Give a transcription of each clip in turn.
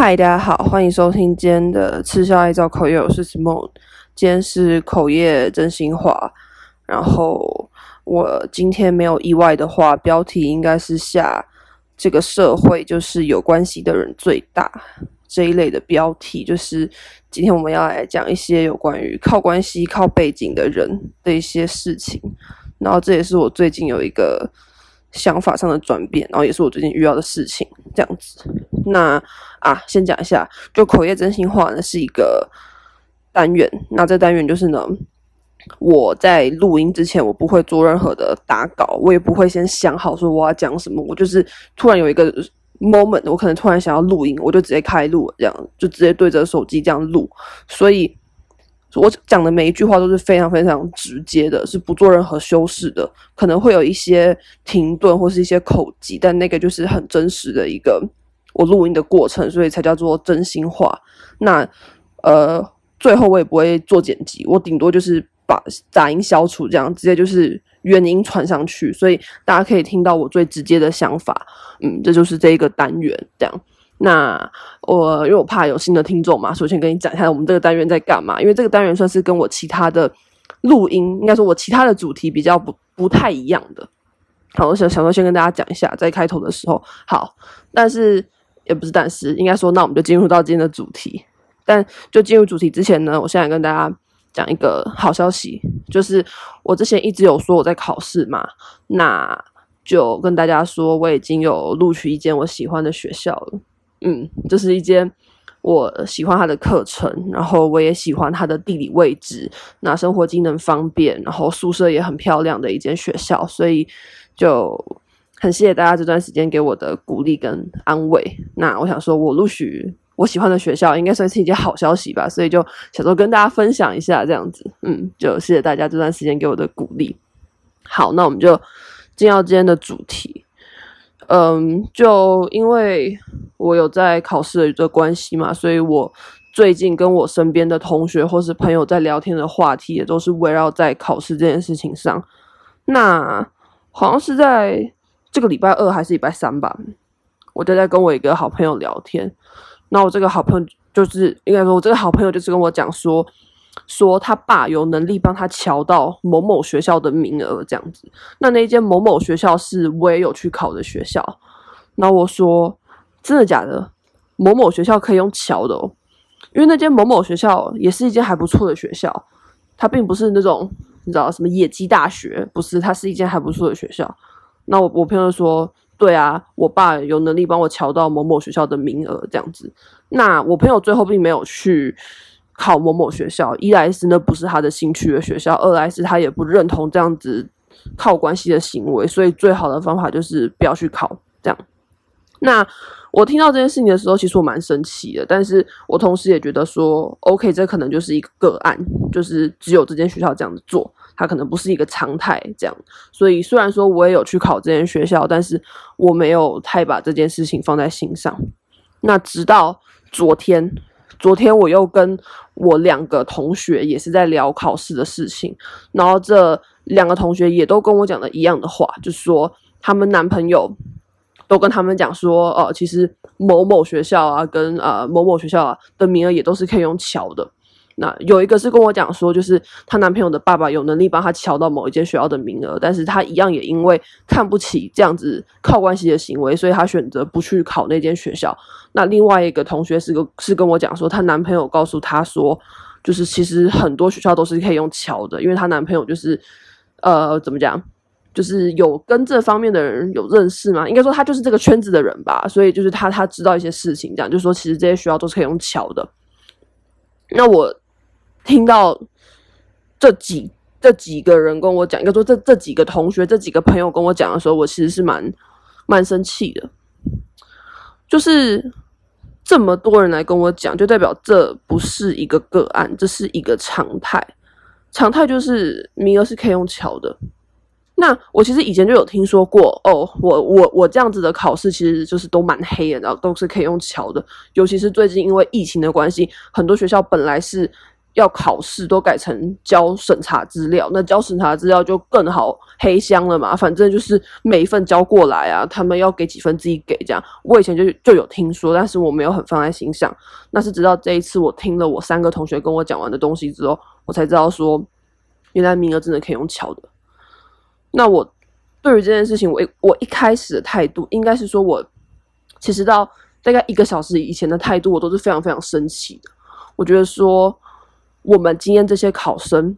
嗨，大家好，歡迎收聽今天的《吃宵夜愛造口業》，我是 Simone，今天是口業真心話，然後我今天沒有意外的話，標題應該是下這個社會就是有關係的人最大這一類的標題，就是今天我們要來講一些有關於靠關係、靠背景的人的一些事情。然後這也是我最近有一個。想法上的轉變，然後也是我最近遇到的事情，這樣子。那啊，先講一下，就口業真心話呢是一個單元。那這單元就是呢，我在錄音之前我不會做任何的打稿，我也不會先想好說我要講什麼，我就是突然有一個 moment，我可能突然想要錄音，我就直接開錄，這樣就直接對着手機這樣錄，所以。我講的每一句話都是非常非常直接的，是不做任何修飾的，可能會有一些停頓或是一些口技，但那個就是很真實的一個我錄音的過程，所以才叫做真心話。那呃，最後我也不會做剪輯，我頂多就是把雜音消除，這樣直接就是原音傳上去，所以大家可以聽到我最直接的想法。嗯，這就是這一個單元這樣。那我因為我怕有新的聽眾嘛，所以先跟你講一下我們這個單元在幹嘛。因為這個單元算是跟我其他的錄音，應該說我其他的主題比較不不太一樣的。好，我想想說先跟大家講一下，在開頭的時候，好，但是也不是但是，應該說，那我們就進入到今天的主題。但就進入主題之前呢，我現在跟大家講一個好消息，就是我之前一直有說我在考試嘛，那就跟大家說我已經有錄取一間我喜歡的學校了。嗯，這、就是一間我喜歡他的課程，然後我也喜歡他的地理位置，那生活機能方便，然後宿舍也很漂亮的一間學校，所以就很謝謝大家這段時間給我的鼓勵跟安慰。那我想說，我錄取我喜歡的學校，應該算是一件好消息吧，所以就想說跟大家分享一下這樣子。嗯，就謝謝大家這段時間給我的鼓勵。好，那我們就進到今天的主題。嗯，就因為我有在考試的一個關係嘛，所以我最近跟我身邊的同學或是朋友在聊天的話題也都是圍繞在考試這件事情上。那好像是在這個禮拜二還是禮拜三吧，我就在跟我一個好朋友聊天。那我這個好朋友就是應該說我這個好朋友就是跟我講說。說他爸有能力幫他喬到某某學校的名額，這樣子。那那一間某某學校是我也有去考的學校。那我說，真的假的？某某學校可以用喬的哦，因為那間某某學校也是一間還不錯的學校。它並不是那種你知道什麼野雞大學，不是，它是一間還不錯的學校。那我我朋友說，對啊，我爸有能力幫我喬到某某學校的名額，這樣子。那我朋友最後並沒有去。考某某學校，一來是那不是他的興趣的學校，二來是他也不認同這樣子靠關係的行為，所以最好的方法就是不要去考這樣。那我聽到這件事情的時候，其實我蠻生氣的，但是我同時也覺得說，OK，這可能就是一個個案，就是只有這間學校這樣子做，他可能不是一個常態這樣。所以雖然說我也有去考這間學校，但是我沒有太把這件事情放在心上。那直到昨天。昨天我又跟我兩個同學也是在聊考試的事情，然後這兩個同學也都跟我講的一樣的話，就是、說他們男朋友都跟他們講說，呃，其實某某學校啊，跟呃某某學校啊的名額也都是可以用喬的。那有一個是跟我講說，就是她男朋友的爸爸有能力幫她喬到某一間學校的名額，但是她一樣也因為看不起這樣子靠關係的行為，所以她選擇不去考那間學校。那另外一個同學是個是跟我講說，她男朋友告訴她說，就是其實很多學校都是可以用喬的，因為她男朋友就是呃怎麼講，就是有跟這方面的人有認識嘛，應該說她就是這個圈子的人吧，所以就是她她知道一些事情，這樣就說其實這些學校都是可以用喬的。那我。聽到這幾這幾個人跟我講，要說這這幾個同學、這幾個朋友跟我講的時候，我其實是蠻蠻生氣的。就是這麼多人來跟我講，就代表這不是一個個案，這是一個常態。常態就是名額是可以用喬的。那我其實以前就有聽說過哦，我我我這樣子的考試其實就是都蠻黑的，然後都是可以用喬的。尤其是最近因為疫情的關係，很多學校本來是。要考試都改成交審查資料，那交審查資料就更好黑箱了嘛。反正就是每一份交過來啊，他們要給幾分自己給這樣。我以前就就有聽說，但是我沒有很放在心上。那是直到這一次，我聽了我三個同學跟我講完的東西之後，我才知道說，原來名額真的可以用喬的。那我對於這件事情，我我一開始的態度應該是說，我其實到大概一個小時以前的態度，我都是非常非常生氣的。我覺得說。我們今天這些考生，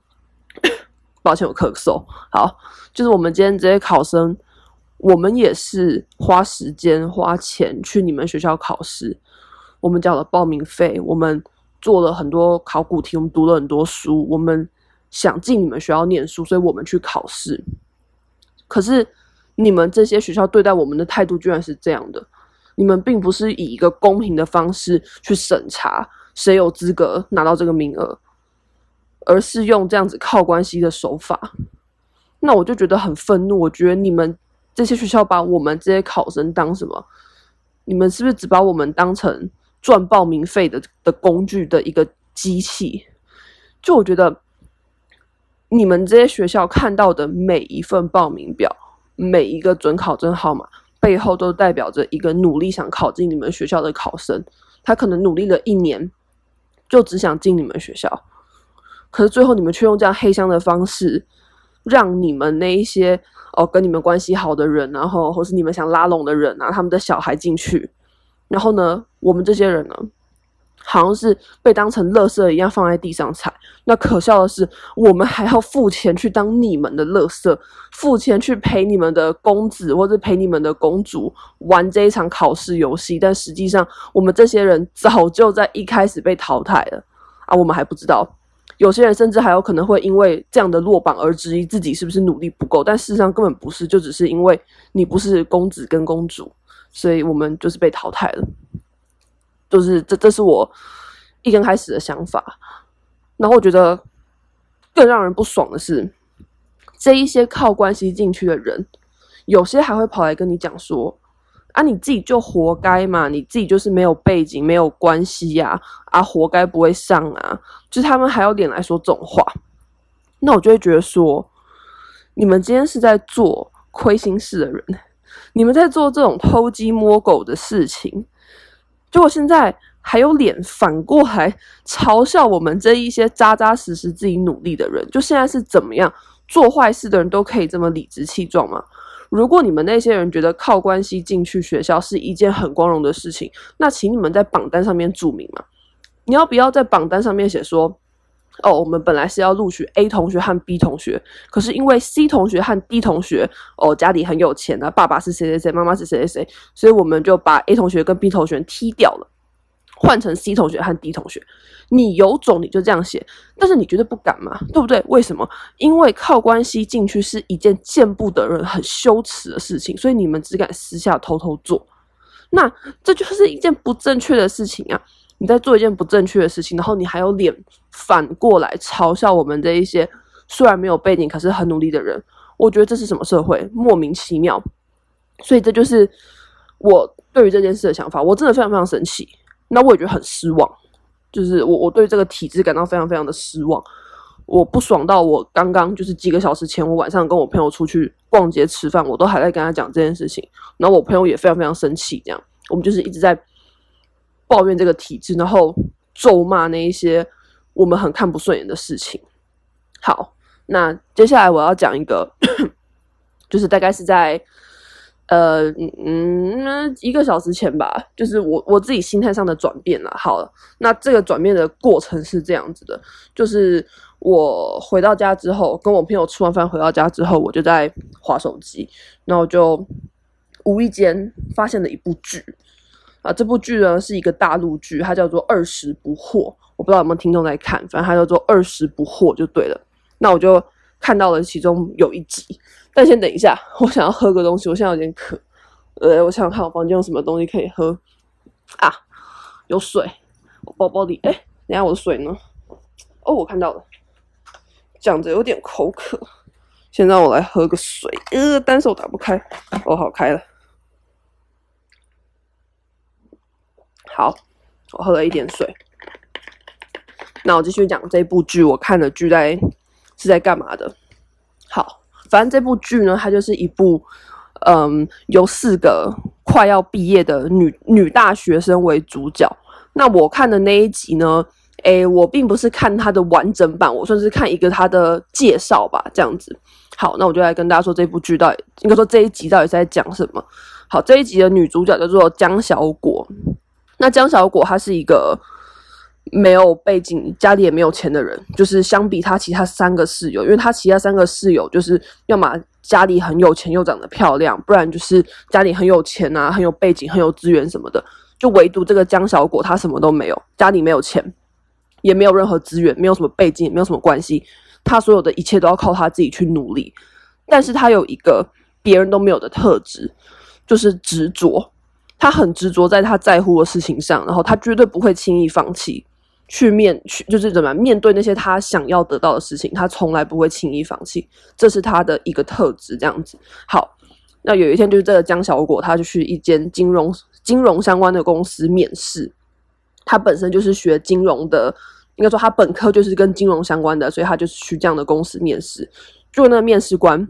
抱歉，我咳嗽。好，就是我們今天這些考生，我們也是花時間、花錢去你們學校考試。我們交了報名費，我們做了很多考古題，我們讀了很多書，我們想進你們學校唸書，所以我們去考試。可是你們這些學校對待我們的態度居然是這樣的：你們並不是以一個公平的方式去審查誰有資格拿到這個名額。而是用這樣子靠關係的手法，那我就覺得很憤怒。我覺得你們這些學校把我們這些考生當什麼？你們是不是只把我們當成賺報名費的的工具的一個機器？就我覺得，你們這些學校看到的每一份報名表、每一個準考證號碼背後，都代表着一個努力想考進你們學校的考生。他可能努力了一年，就只想進你們學校。可是最後，你們卻用這樣黑箱的方式，讓你們那一些哦跟你們關係好的人，然後或是你們想拉攏的人，然後他們的小孩進去，然後呢，我們這些人呢，好像是被當成垃圾一樣放在地上踩。那可笑的是，我們還要付錢去當你們的垃圾，付錢去陪你們的公子或者陪你們的公主玩這一場考試遊戲，但實際上，我們這些人早就在一開始被淘汰了啊，我們還不知道。有些人甚至還有可能會因為這樣的落榜而質疑自己是不是努力不夠，但事實上根本不是，就只是因為你不是公子跟公主，所以我們就是被淘汰了。就是這，這是我一剛開始的想法。然後我覺得更讓人不爽的是，這一些靠關係進去的人，有些還會跑來跟你講說。啊，你自己就活該嘛！你自己就是沒有背景，沒有關係呀！啊，活該不會上啊！就是他們還有臉來說這種話，那我就會覺得說，你們今天是在做虧心事的人，你們在做這種偷雞摸狗的事情，就我現在還有臉反過來嘲笑我們這一些扎扎實實自己努力的人？就現在是怎麼樣做壞事的人都可以這麼理直氣壯嗎？如果你們那些人覺得靠關係進去學校是一件很光榮的事情，那請你們在榜單上面注明嘛。你要不要在榜單上面寫說，哦，我們本來是要錄取 A 同學和 B 同學，可是因為 C 同學和 D 同學，哦，家裡很有錢的啊，爸爸是誰誰誰，媽媽是誰誰誰，所以我們就把 A 同學跟 B 同學踢掉了。換成 C 同學和 D 同學，你有種你就這樣寫，但是你覺得不敢嗎？對不對？為什麼？因為靠關係進去是一件見不得人、很羞恥的事情，所以你們只敢私下偷偷做。那這就是一件不正確的事情啊！你在做一件不正確的事情，然後你還有臉反過來嘲笑我們這一些雖然沒有背景，可是很努力的人？我覺得這是什麼社會？莫名其妙。所以這就是我對於這件事的想法。我真的非常非常生氣。那我也覺得很失望，就是我我對這個體制感到非常非常的失望，我不爽到我剛剛就是幾個小時前，我晚上跟我朋友出去逛街吃飯，我都還在跟他講這件事情。然後我朋友也非常非常生氣，這樣我們就是一直在抱怨這個體制，然後咒罵那一些我們很看不順眼的事情。好，那接下來我要講一個， 就是大概是在。呃嗯，一個小時前吧，就是我我自己心態上的轉變了。好了，那這個轉變的過程是這樣子的，就是我回到家之後，跟我朋友吃完飯回到家之後，我就在滑手機，然後就無意間發現了一部劇啊，這部劇呢是一個大陸劇，它叫做《二十不惑》，我不知道有沒有聽眾在看，反正它叫做《二十不惑》就對了。那我就看到了其中有一集。那先等一下，我想要喝個東西，我現在有點渴。呃，我想看我房間有什麼東西可以喝。啊，有水，我包包裡，哎、欸，等下我的水呢？哦，我看到了。講着有點口渴，先讓我來喝個水。呃，單手打不開，我、哦、好開了。好，我喝了一點水。那我繼續講這部劇，我看的劇在是在幹嘛的？好。反正這部劇呢，它就是一部，嗯，由四個快要畢業的女女大學生為主角。那我看的那一集呢，誒，我並不是看它的完整版，我算是看一個它的介紹吧，這樣子。好，那我就來跟大家說這部劇到底，應該說這一集到底在講什麼。好，這一集的女主角叫做姜小果。那姜小果她是一個。沒有背景，家裡也沒有錢的人，就是相比他其他三個室友，因為他其他三個室友就是要麼家裡很有錢又長得漂亮，不然就是家裡很有錢啊，很有背景，很有資源什麼的。就唯獨這個姜小果，他什麼都沒有，家裡沒有錢，也沒有任何資源，沒有什麼背景，也沒有什麼關係。他所有的一切都要靠他自己去努力。但是他有一個別人都沒有的特質，就是執着。他很執着在他在乎的事情上，然後他絕對不會輕易放棄。去面去就是怎麼面對那些他想要得到的事情，他從來不會輕易放棄，這是他的一個特質。這樣子，好，那有一天就是這個江小果，他就去一間金融金融相關的公司面試。他本身就是學金融的，應該說他本科就是跟金融相關的，所以他就去這樣的公司面試。就那個面試官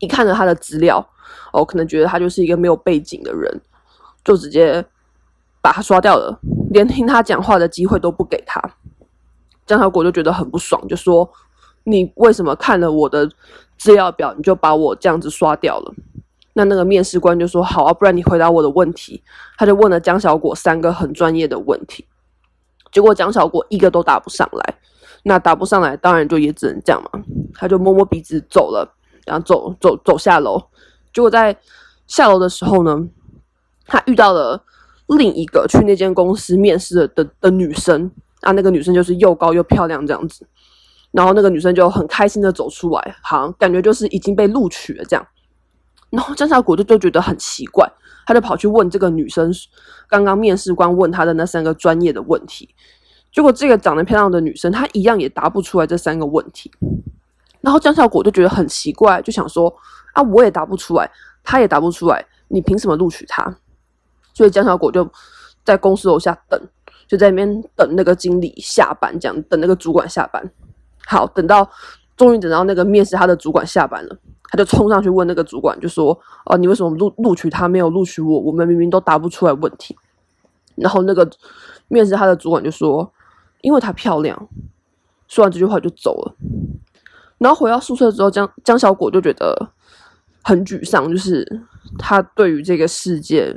一看了他的資料，哦，可能覺得他就是一個沒有背景的人，就直接。把他刷掉了，連聽他講話的機會都不給他。江小果就覺得很不爽，就說：“你為什麼看了我的資料表，你就把我這樣子刷掉了？”那那個面試官就說：“好啊，不然你回答我的問題。”他就問了江小果三個很專業的問題，結果江小果一個都答不上來。那答不上來，當然就也只能這樣嘛。他就摸摸鼻子走了，然後走走走下樓。結果在下樓的時候呢，他遇到了。另一個去那間公司面試的的、的女生啊，那個女生就是又高又漂亮這樣子，然後那個女生就很開心的走出來，好像感覺就是已經被錄取了這樣。然後江小果就，就覺得很奇怪，他就跑去問這個女生剛剛面試官問她的那三個專業的問題，結果這個長得漂亮的女生她一樣也答不出來這三個問題。然後江小果就覺得很奇怪，就想說啊，我也答不出來，她也答不出來，你憑什麼錄取她？所以江小果就在公司樓下等，就在那邊等那個經理下班，這樣等那個主管下班。好，等到終於等到那個面試他的主管下班了，他就衝上去問那個主管，就說：“哦、啊，你為什麼錄錄取他，沒有錄取我？我們明明都答不出來問題。”然後那個面試他的主管就說：“因為她漂亮。”說完這句話就走了。然後回到宿舍之後，江江小果就覺得很沮喪，就是他對於這個世界。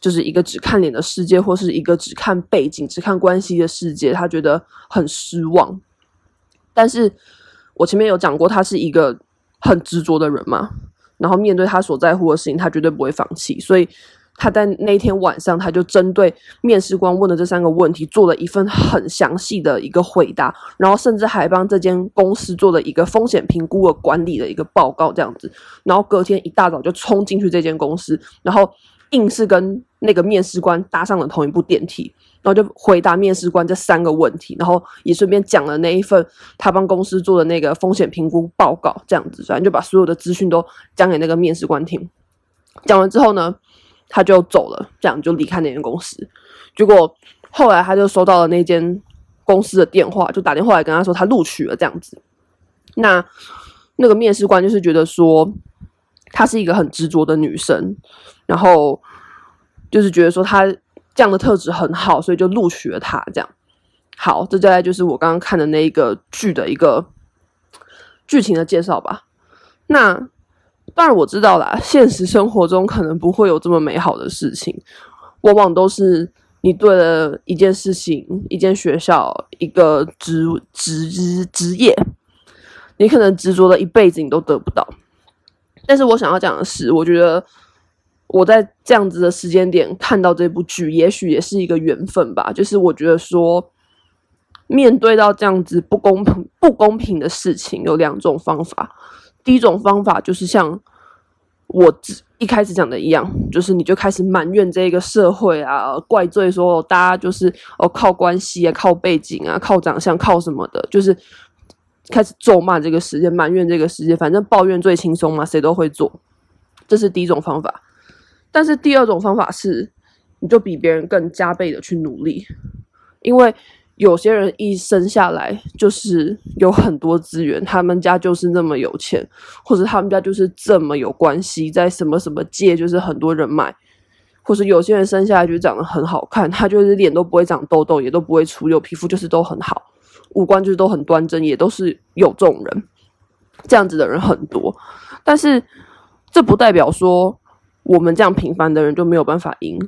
就是一個只看臉的世界，或是一個只看背景、只看關係的世界，他覺得很失望。但是我前面有講過，他是一個很執着的人嘛。然後面對他所在乎的事情，他絕對不會放棄。所以他在那天晚上，他就針對面試官問的這三個問題，做了一份很詳細的一個回答。然後甚至還幫這間公司做了一個風險評估和管理的一個報告，這樣子。然後隔天一大早就衝進去這間公司，然後。硬是跟那個面試官搭上了同一部電梯，然後就回答面試官這三個問題，然後也順便講了那一份他幫公司做的那個風險評估報告，這樣子，反正就把所有的資訊都講給那個面試官聽。講完之後呢，他就走了，這樣就離開那間公司。結果後來他就收到了那間公司的電話，就打電話來跟他說他錄取了，這樣子。那那個面試官就是覺得說。她是一個很執着的女生，然後就是覺得說她這樣的特質很好，所以就錄取了她這樣。好，這大概就是我剛剛看的那一個劇的一個劇情的介紹吧。那當然我知道啦，現實生活中可能不會有這麼美好的事情，往往都是你對了一件事情，一間學校，一個職職職業，你可能執着了一輩子，你都得不到。但是我想要講的是，我覺得我在這樣子的時間點看到這部劇，也許也是一個緣分吧。就是我覺得說，面對到這樣子不公平不公平的事情，有兩種方法。第一種方法就是像我一開始講的一樣，就是你就開始埋怨這個社會啊，怪罪說大家就是哦靠關係啊，靠背景啊，靠長相，靠什麼的，就是。開始咒罵這個世界，埋怨這個世界，反正抱怨最輕鬆嘛，誰都會做，這是第一種方法。但是第二種方法是，你就比別人更加倍的去努力，因為有些人一生下來就是有很多資源，他們家就是那麼有錢，或者他們家就是這麼有關係，在什麼什麼界就是很多人脈，或是有些人生下來就長得很好看，他就是臉都不會長痘痘，也都不會出油，皮膚就是都很好。五官就是都很端正，也都是有這種人，這樣子的人很多，但是這不代表說我們這樣平凡的人就沒有辦法贏，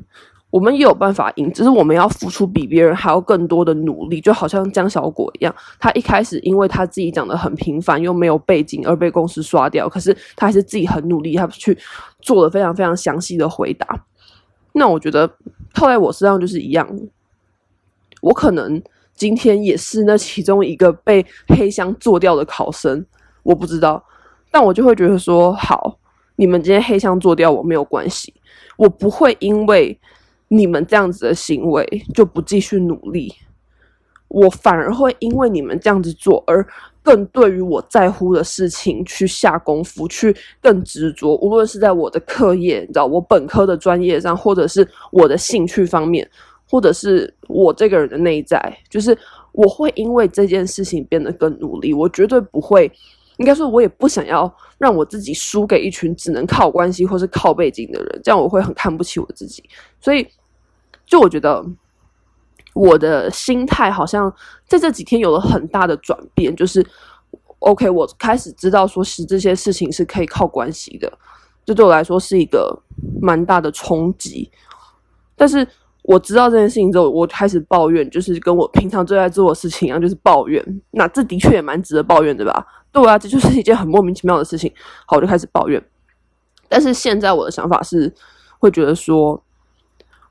我們也有辦法贏，只是我們要付出比別人還要更多的努力，就好像江小果一樣，他一開始因為他自己長得很平凡，又沒有背景而被公司刷掉，可是他還是自己很努力，他去做了非常非常詳細的回答，那我覺得套在我身上就是一樣的，我可能。今天也是那其中一個被黑箱做掉的考生，我不知道，但我就會覺得說，好，你們今天黑箱做掉我沒有關係，我不會因為你們這樣子的行為就不繼續努力，我反而會因為你們這樣子做而更對於我在乎的事情去下功夫，去更執着，無論是在我的課業，你知道，我本科的專業上，或者是我的興趣方面。或者是我這個人的內在，就是我會因為這件事情變得更努力。我絕對不會，應該說，我也不想要讓我自己輸給一群只能靠關係或是靠背景的人。這樣我會很看不起我自己。所以，就我覺得我的心態好像在這幾天有了很大的轉變。就是，OK，我開始知道說，是這些事情是可以靠關係的。這對我來說是一個蠻大的衝擊，但是。我知道這件事情之後，我開始抱怨，就是跟我平常最愛做的事情一樣，就是抱怨。那這的確也蠻值得抱怨對吧？對啊，這就是一件很莫名其妙的事情。好，我就開始抱怨。但是現在我的想法是，會覺得說，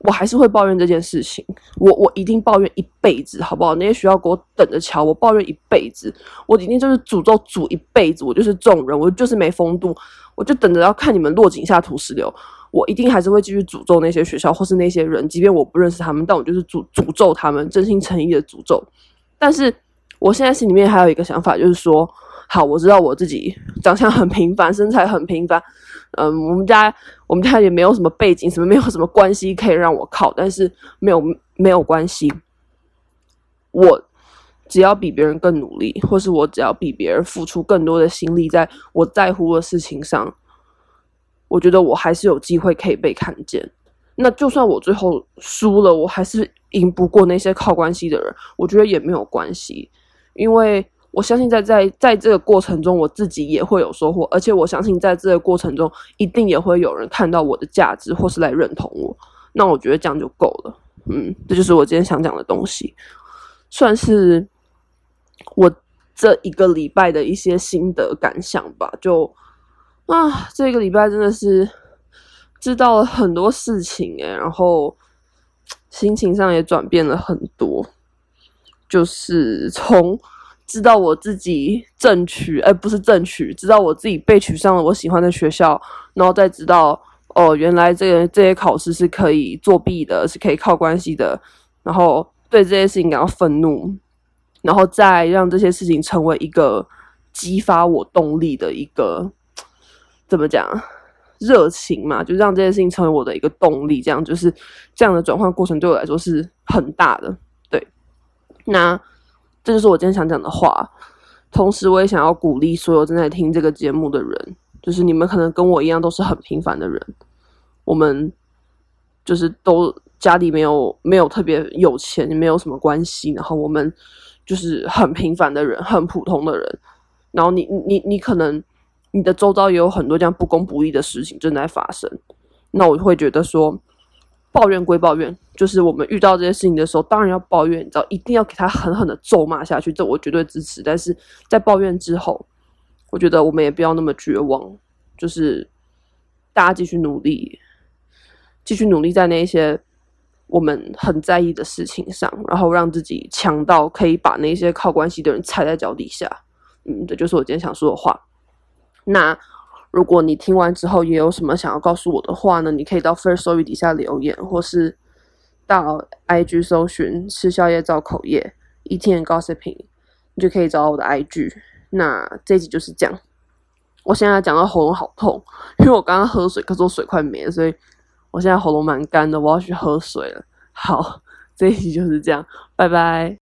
我還是會抱怨這件事情。我我一定抱怨一輩子，好不好？那些學校給我等着瞧，我抱怨一輩子，我一定就是詛咒詛一輩子。我就是這種人，我就是沒風度，我就等着要看你們落井下土石流。我一定還是會繼續詛咒那些學校或是那些人，即便我不認識他們，但我就是詛詛咒他們，真心誠意的詛咒。但是我現在心裡面還有一個想法，就是說，好，我知道我自己長相很平凡，身材很平凡，嗯，我們家我們家也沒有什麼背景，什麼沒有什麼關係可以讓我靠，但是沒有沒有關係，我只要比別人更努力，或是我只要比別人付出更多的心力，在我在乎的事情上。我覺得我還是有機會可以被看見。那就算我最後輸了，我還是贏不過那些靠關係的人，我覺得也沒有關係，因為我相信在在在這個過程中，我自己也會有收穫，而且我相信在這個過程中，一定也會有人看到我的價值，或是來認同我。那我覺得這樣就夠了。嗯，這就是我今天想講的東西，算是我這一個禮拜的一些心得感想吧。就。啊，這個禮拜真的是知道了很多事情哎、欸，然後心情上也轉變了很多，就是從知道我自己正取，哎，不是正取，知道我自己被取上了我喜歡的學校，然後再知道哦，原來這個這些考試是可以作弊的，是可以靠關係的，然後對這些事情感到憤怒，然後再讓這些事情成為一個激發我動力的一個。怎麼講？熱情嘛，就讓這件事情成為我的一個動力。這樣就是這樣的轉換過程，對我來說是很大的。對，那這就是我今天想講的話。同時，我也想要鼓勵所有正在聽這個節目的人，就是你們可能跟我一樣，都是很平凡的人。我們就是都家裡沒有沒有特別有錢，沒有什麼關係，然後我們就是很平凡的人，很普通的人。然後你你你可能。你的週遭也有很多這樣不公不義的事情正在發生，那我會覺得說，抱怨歸抱怨，就是我們遇到這些事情的時候，當然要抱怨，你知道，一定要給他狠狠的咒罵下去，這我絕對支持。但是在抱怨之後，我覺得我們也不要那麼絕望，就是大家繼續努力，繼續努力在那些我們很在意的事情上，然後讓自己強到可以把那些靠關係的人踩在腳底下。嗯，這就是我今天想說的話。那如果你聽完之後也有什麼想要告訴我的話呢？你可以到 Firstory 底下留言，或是到 IG 搜尋吃宵夜造口業 eating and gossiping，你就可以找到我的 IG。那這一集就是這樣。我現在講到喉嚨好痛，因為我剛剛喝水，可是我水快沒了，所以我現在喉嚨蠻乾的，我要去喝水了。好，這一集就是這樣，拜拜。